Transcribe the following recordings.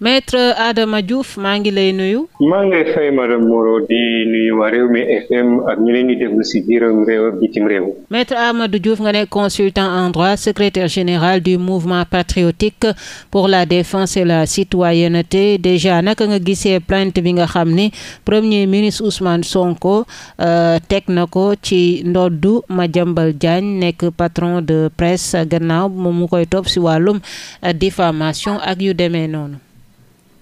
mais Adama Diouf maa ngi lay nuyu. maa ngi lay Amadou Diouf nga nekk consultant en droit secrétaire général du mouvement patriotique pour la défense et la citoyenneté déjà naka nga gisee plainte bi nga xam ni premier ministre Ousmane Sonko euh, teg na ko ci ndoddu Madiambal Diagne nekk patron de presse gannaaw moom mu koy topp ci wàllum diffamation ak yu demee noonu.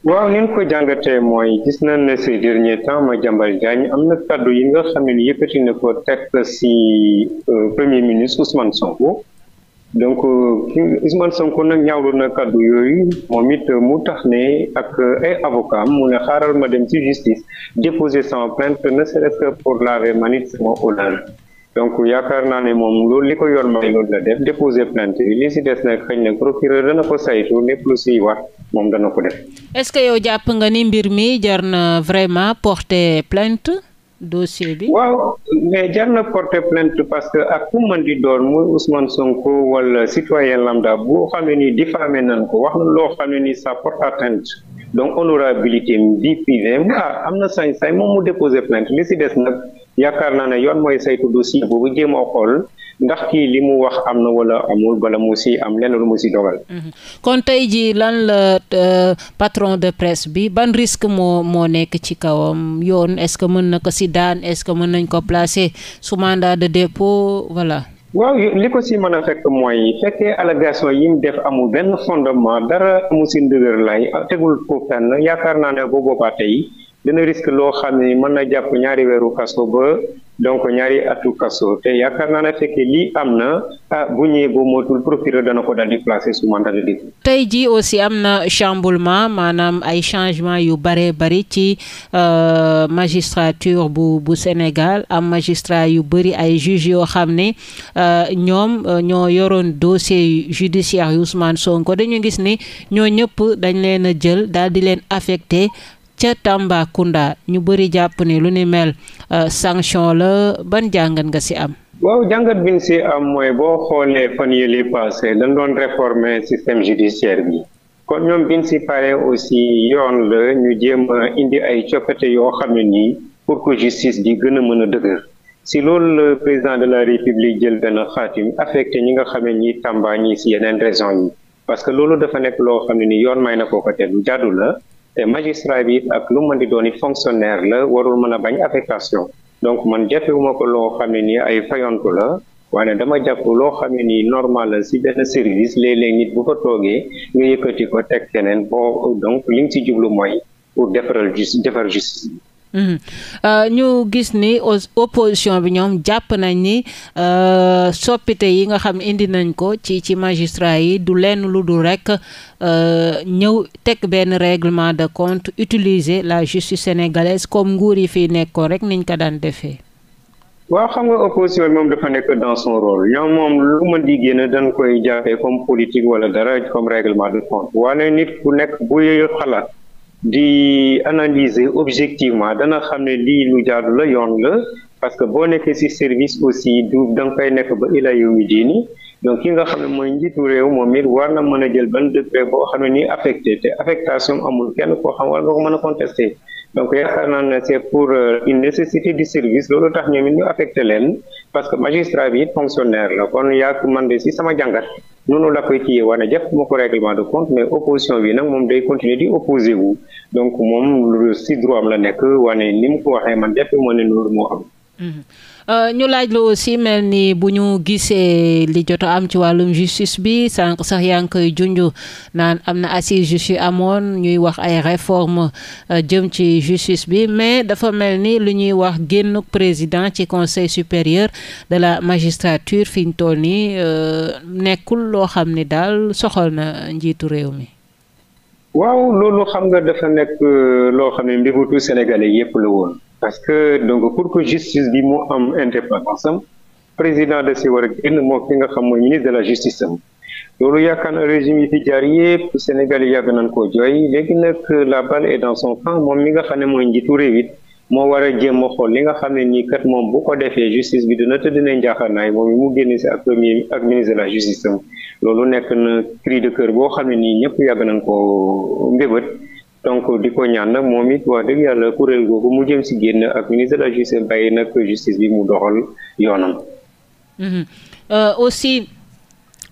waaw ni ñu ko jàngatee mooy gis nañ ne ces derniers temps Madiambal Diagne am na kaddu yi nga xam ne yëkkati na ko teg si euh, premier ministre Ousmane Sonko donc Ousmane Sonko nag ñaawlu na kaddu yooyu moom it mu tax ne ak ay avocat mu ne xaaral ma dem ci justice déposer sama plainte ne serait-ce que pour laver ma nit sama honneur donc yaakaar naa ne moom loolu li ko yoon may loolu la def déposer plainte li si des nag xëy na procureur dana ko saytu lépp lu siy wax moom dana ko def. est-ce que yow jàpp nga ni mbir mi jar na vraiment porter plainte dossier bi. waaw mais jar na porter plainte parce que ak ku mën di doon muy Ousmane Sonko wala citoyen lambda boo xamee ni diffamé nañ ko wax na loo xam ne ni ça porte atteinte donc honorabilité bi privée ah am na sañ-sañ moom mu déposer plainte li si des nag. yaakaar naa ne yoon mooy saytu dossier boobu jéem a xool ndax kii li mu wax am na wala amul bala mu si am lenn lu mu si dogal. Mhm. kon tey jii lan la euh, patron de presse bi ban risque moo moo nekk ci kawam yoon est-ce que mën na ko si daan est-ce que mën nañ ko placer sous mandat de dépôt wala waaw li ko si mën a fekk mooy fekkee allégation yi mu def amul benn fondement dara mu si ndëgër lay tegul ko fenn yaakaar naa ne bu boobaa tey. dina risque loo xam ni mën na jàpp ñaari weeru kaso ba donc ñaari atu kaso te yaakaar naa ne fekkee lii am na ah bu ñëwee boo moytul procureur dana ko daal di placer sous mandat tey jii aussi am na chamboulement maanaam ay changement yu bare bari ci euh, magistrature bu bu Sénégal am magistrat yu bari ay juges yoo xam ne euh, ñoom euh, ñoo yoroon dossier judiciaire yu Ousmane Sonko dañu gis ni ñoo ñëpp dañ leen a jël daal di leen affecté ca Tambacounda ñu bëri jàpp ni lu ni mel euh, sanction la ban jàngat nga ci am. waaw jàngat bi ñu ci am mooy boo xoolee fan yële passé dañ doon réformer système judiciaire bi. kon ñoom biñ ci pare aussi yoon la ñu jéem a indi ay coppite yoo xam ne nii pour que justice bi gën a mën a dëgër ci loolu la président de la république jël benn xaatim affecté ñi nga xam ne nii Tamba ñi ci yeneen raison yi parce que loolu dafa nekk loo xam ne nii yoon may na ko ko la te magistrat bi ak lu mën di doon fonctionnaire la warul mën a bañ affectation donc man jàppewuma ko loo xam ne nii ay fayantu la waaye dama jàpp loo xam ne nii normal la si benn service léeg-léeg nit bu fa toogee nga yëkkati ko teg keneen boo donc li nga si jublu mooy pour defaral justice defar justice Mhm. Euh, ñu gis ni opposition bi ñoom jàpp nañ ni euh, soppite yi nga xam indi nañ ko ci ci magistrat yi du lenn lu dul rek euh, ñëw teg benn règlement de compte utiliser la justice sénégalaise comme nguur yi fii nekkoon rek niñ ko daan defee. waaw xam nga opposition bi moom dafa nekk dans son rôle ñoom moom lu ma di génn koy jaaxee comme politique wala dara comme règlement de compte wala nit ku nekk buy xalaat. di analyser objectivement dana xam ne lii lu jaadu la yoon la parce que boo nekkee ci service aussi du da nga nekk ba ila yow mi diini donc ki nga xam ne mooy njiitu réew moom it war na mën a jël ban décret boo xam ne ni affecté te affectation amul kenn koo xam war nga ko mën a contesté donc yaakaar naa ne c'est pour euh, une nécessité du service loolu tax ñoom it ñu affecté leen parce que magistrat bi it fonctionnaire la kon yaa man de ci sama jàngat noonu la koy téye wane jàpp ma ko règlement de compte mais opposition bi nag moom day continuer di opposé wu donc moom si droit am la nekk wane ni mu ko waxee man jàpp moo ne loolu moo am Mhm. Euh, ñu laaj la aussi mel ni bu ñu gisee li jot am ci wàllum justice bi sànq sax yaa ngi koy junj naan am na assise justice amoon ñuy wax ay réforme euh, jëm ci justice bi mais dafa mel ni lu ñuy wax génn président ci conseil supérieur de la magistrature fi ñu toll nii euh, nekkul loo xam ni daal soxal na njiitu réew mi. waaw loolu xam nga dafa nekk loo xam ne mbiru sénégalais yépp la woon. parce que donc pour que justice bi mo am indépendance am président de si war a génn moo ki nga xam mooy ministre de la justice am loolu yaakaar na régime yi fi jaar yépp Sénégal yi yàgg nañ koo jooy léegi nag la balle est dans son camp moom mi nga xam ne mooy njiitu réew it moo war a jéem a xool li nga xam ne nii kat moom bu ko defee justice bi dina tëdd ne njaaxaanaay moom mu génn si ak premier ak ministre de la justice am loolu nekk na cri de cœur boo xam ne nii ñëpp yàgg nañ koo mbébét donc di ko ñaan nag moom it wax dëgg yàlla kuréel googu mu jëm si génn ak ministre de la justice bàyyi nag justice bi mu doxal yoonam. Mhm. Euh, aussi.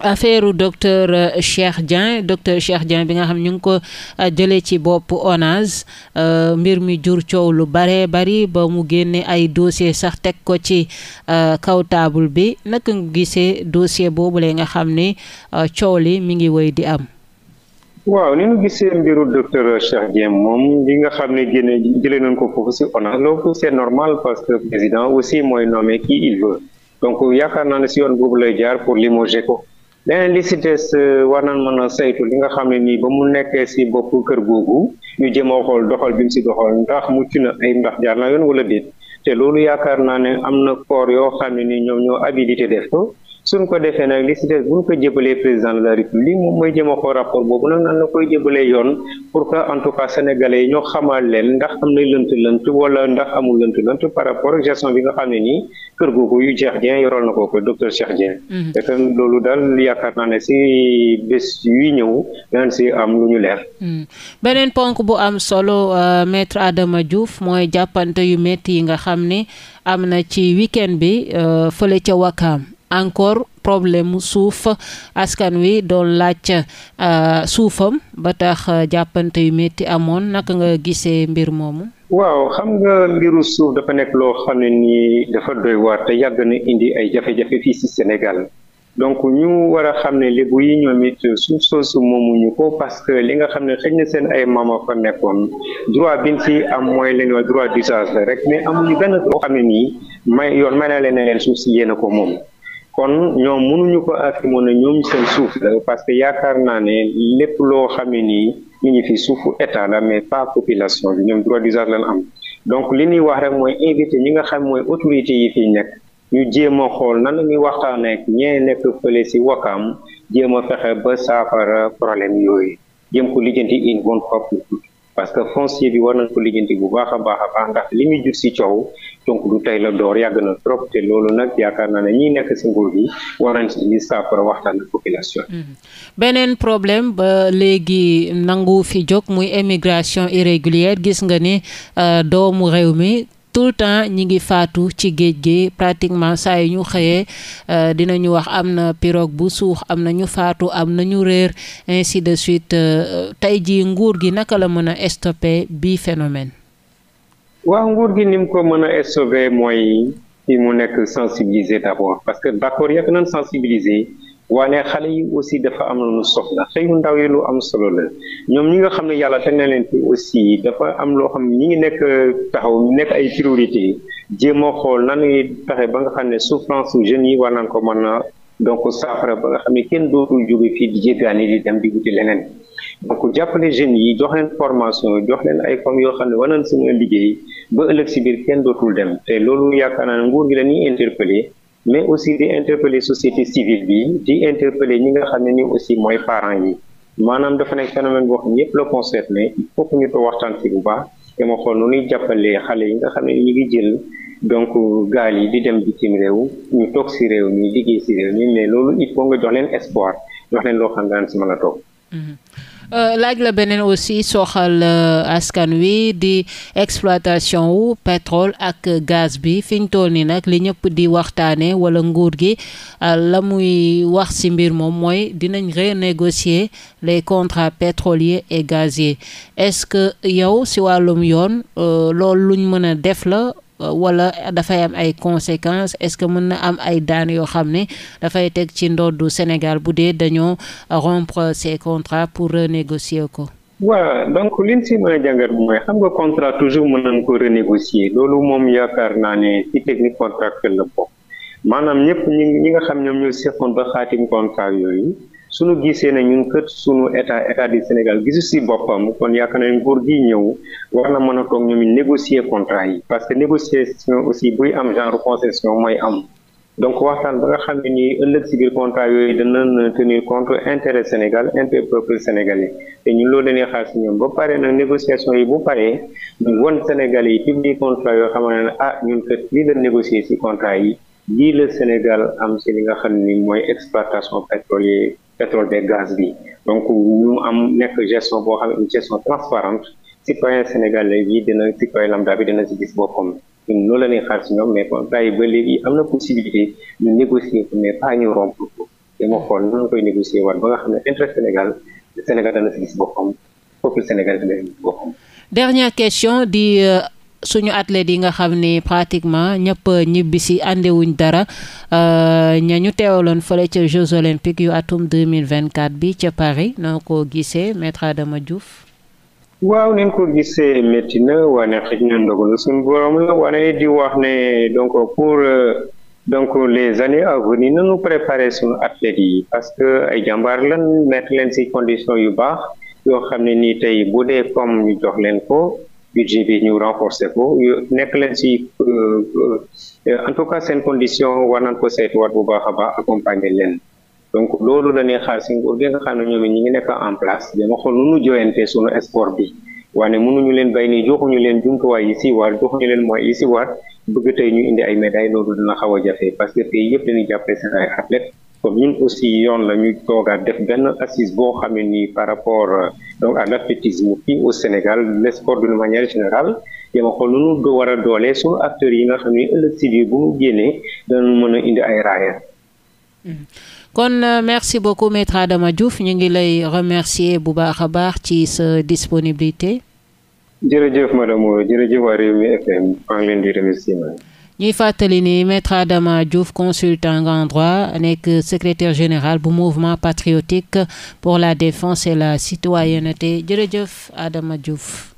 affaire docteur euh, Cheikh Dieng docteur Cheikh Dieng bi nga xam ñu ngi ko euh, jëlee ci bopp ONAS mbir mi jur coow lu bare bari ba mu génne ay dossier sax teg ko ci kaw taabul bi naka nga gisee dossier boobu la nga xam ni coow li mi ngi woy di am. waaw ni ñu gisee mbiru docteur Cheikh Dieng moom li nga xam ne génne jëlee nañ ko foofu si ONAS loolu c'est normal parce que président aussi mooy nommé qui il veut donc yaakaar naa ne si yoon boobu lay jaar pour limoger ko leneen li si des euh, war nañ mën a saytu li nga xam ne nii ba mu nekkee si bopp kër googu ñu jéem a xool doxal bi mu si doxal ndax mucc na ay ndax jaar na yoon wala déet te loolu yaakaar naa ne am na corps yoo xam ne nii ñoom ñoo habilité def ko suñ ko defee nag li si des buñ ko jëbalee président de la république moom mooy jëm a rapport boobu nag nan la koy jëbalee yoon pour que en tout cas sénégalais yi ñoo xamal leen ndax am na lënt lënt wala ndax amul lënt lënt par rapport ak bi nga xam ne nii kër googu yu Cheikh Dieng yorool na ko ko docteur Cheikh Dieng mm-hmm. te loolu daal yaakaar naa ne si bés yuy ñëw mm-hmm. beneen ponk bu am solo euh, maître Adama Diouf mooy jàppante yu métti yi nga xam ni am na ci week bi euh, fële ca Wakaam encore problème suuf askan wi doon laaj euh, suufam ba tax euh, jàppante yu métti amoon naka nga gisee mbir moomu. waaw xam nga mbiru suuf dafa nekk loo xam ne nii dafa doy waar te yàgg na indi ay jafe-jafe fii ci Sénégal. donc ñu war a xam ne lébu yi ñoom it su soosu moomuñu ko parce que li nga xam ne xëñ na seen ay maama fa nekkoon droit bi ci am mooy leen wax droit d'usage la rek mais amuñu benn loo xam ne nii may yoon may na leen ne suuf si yéen ko moom kon ñoom mënuñu ko affirmer na ñoom seen suuf la parce que yaakaar naa ne lépp loo xamee nii ñu ngi fi suufu état la mais pas population bi ñoom droit d'usage lañ am donc li ñuy wax rek mooy invité ñi nga xam mooy autorité yi fi nekk ñu jéem a xool nan la ñuy waxtaan ak ñee nekk fële si wokaam jéem a fexe ba saafara problème yooyu jéem ko lijjanti une bonne fois pour parce que foncier bi war nañ ko lijjanti bu baax a baax a baax ndax li muy jur si coow donc du tey la door yàgg na trop te loolu nag yaakaar naa ne ñi nekk si nguur gi war nañ si saafara waxtaan ak population. Mhm. beneen problème ba léegi nangu fi jóg muy émigration irrégulière gis nga ni euh, doomu réew mi. tout le temps ñi ngi faatu ci géej gi pratiquement saa yi ñu xëyee euh, dinañu wax am na pirogue bu suux am na ñu faatu am na ñu réer ainsi de suite euh, tey jii nguur gi naka la mën a stopper bi phénomène. waaw nguur gi ni ko mën a stopper mooy fi mu nekk sensibiliser d'abord parce que d'accord yàgg nañ sensibiliser. waane xale yi aussi dafa am lu soxla xëy mu ndaw yi lu am solo la ñoom ñi nga xam ne yàlla teg na leen fi aussi dafa am loo xam ne ñi ngi nekk taxaw nekk ay priorité jéem a xool nan ngay taxe ba nga xam ne souffrance su jeunes yi war nañ ko mën na donc saafara ba nga xam ne kenn dootul jóge fii di jéggaani di dem di wuti leneen donc jàppale jeunes yi jox leen formation jox leen ay comme yoo xam ne war nañ suñu liggéey ba ëllëg si biir kenn dootul dem te loolu yaakaar naa ne nguur gi la ñuy mais aussi di interpeller société civile bi di interpeller ñi nga xam ne ni aussi mooy parent yi maanaam dafa nekk phénomène boo xam ne ñëpp la concerné il faut que ñu toog waxtaan ci bu baax te ma xool nu ñuy jàppalee xale yi nga xam ne ñu ngi jël donc gaal yi di dem bitim réew ñu toog si réew ñu liggéey si réew mi mais loolu il faut nga jox leen espoir jox leen loo xam ne daan si mën a toog. Mm-hmm. Euh, laaj la beneen aussi soxal euh, askan wi di exploitation wu pétrole ak gaz bi fiñ toll nii nag li ñëpp di waxtaanee wala nguur gi euh, la muy wax ci mbir moom mooy dinañ renégocier les contrats pétroliers et gaziers est-ce que yow si wàllum yoon loolu luñ mën a def la Euh, wala dafay am ay conséquences est-ce que mën na am ay daan yoo xam ne dafay teg ci ndoddu Sénégal bu dee dañoo rompre ces contrats pour renégocier ko. waaw donc liñ si mën a jàngat mooy xam nga contrat toujours mën nañ ko renégocier loolu moom yaakaar naa ne ci technique contractuelle la bokk maanaam ñëpp ñi ñi nga xam ñoom ñoo seqoon ba xaatim contrat yooyu. sunu gisee na ñun kët suñu état état du Sénégal gisu si boppam kon yaakaar na nguur gi ñëw war na mën a toog ñoom ñu négocier contrat yi parce que négociation aussi buy am genre concession mooy am donc waxtaan ba nga xam ne nii ëllëg si biir contrat yooyu danañ tenir compte intérêt Sénégal intérêt peuple yi te ñun loolu dañuy xaar si ñoom ba pare nag négociation yi bu paree ñu won Sénégalais yi publier contrat yoo xam ne ah ñun kat lii la négocier si contrat yi lii la Sénégal am si li nga xam ni mooy exploitation pétrolière pétrole des gaz bi donc ñu am nekk gestion boo xam ne gestion transparente citoyen sénégalais yi dina citoyen lambda bi dina si gis boppam ñun loolu la ñuy xaar si ñoom mais ba léegi am na possibilité ñu négocier mais pas ñu rompre ko te ma xool noonu koy négocier waat ba nga xam ne intérêt Sénégal Sénégal dana si gis boppam peuple Sénégal dana si gis boppam. dernière question di. Euh, suñu athlètes yi nga xam ne pratiquement ñëpp ñibbi si àndewuñ dara euh, ña ñu teewaloon fële ca Jeux olympiques yu atum 2024 bi ca Paris noo ko gisee maître Adama Diouf waaw nañ ko gisee métti na wane xëj na ndogalu suñu borom la wane di wax ne donc pour euh, donc les années à venir nañu préparer suñu athlètes yi parce que ay jàmbaar lan mettre leen si condition yu baax yoo xam ne nii tey bu dee comme ñu jox leen ko budget bi ñu renforcer ko nekk leen ci euh, euh, en tout cas seen condition war nañ ko saytuwaat bu baax a baax accompagner leen donc loolu la ñuy xaar si nguur gi nga xam ne ñoom ñi ngi nekk en place dama xool nu ñu joyante suñu sport bi waane ñu leen bay nii joxuñu leen jumtuwaay yi si war ñu leen mooy yi si war bëgg tey ñu indi ay médailles loolu dina xaw a jafe parce que pays yëpp dañuy jàppale seen ay athlètes comme ñun aussi yoon la ñu toogaat def benn assise boo xam ne nii par rapport euh, donc à l'athlétisme fii au Sénégal les sports d'une manière générale yama xool nu nu war a doole suñu acteurs yi nga xam ne ëllëg si biir bu mu génnee dana mën a indi ay raaya hmm. kon euh, merci beaucoup maître Adama Diouf ñu ngi lay remercier bu baax a baax ci sa disponibilité jërëjëf madame jërëjëf waa Rewmi FM maa ngi leen di remercier ñuy fàttali ni maître Adama Diouf consultant en droit nekk secrétaire général bu mouvement patriotique pour la défense et la citoyenneté jërëjëf Adama Diouf.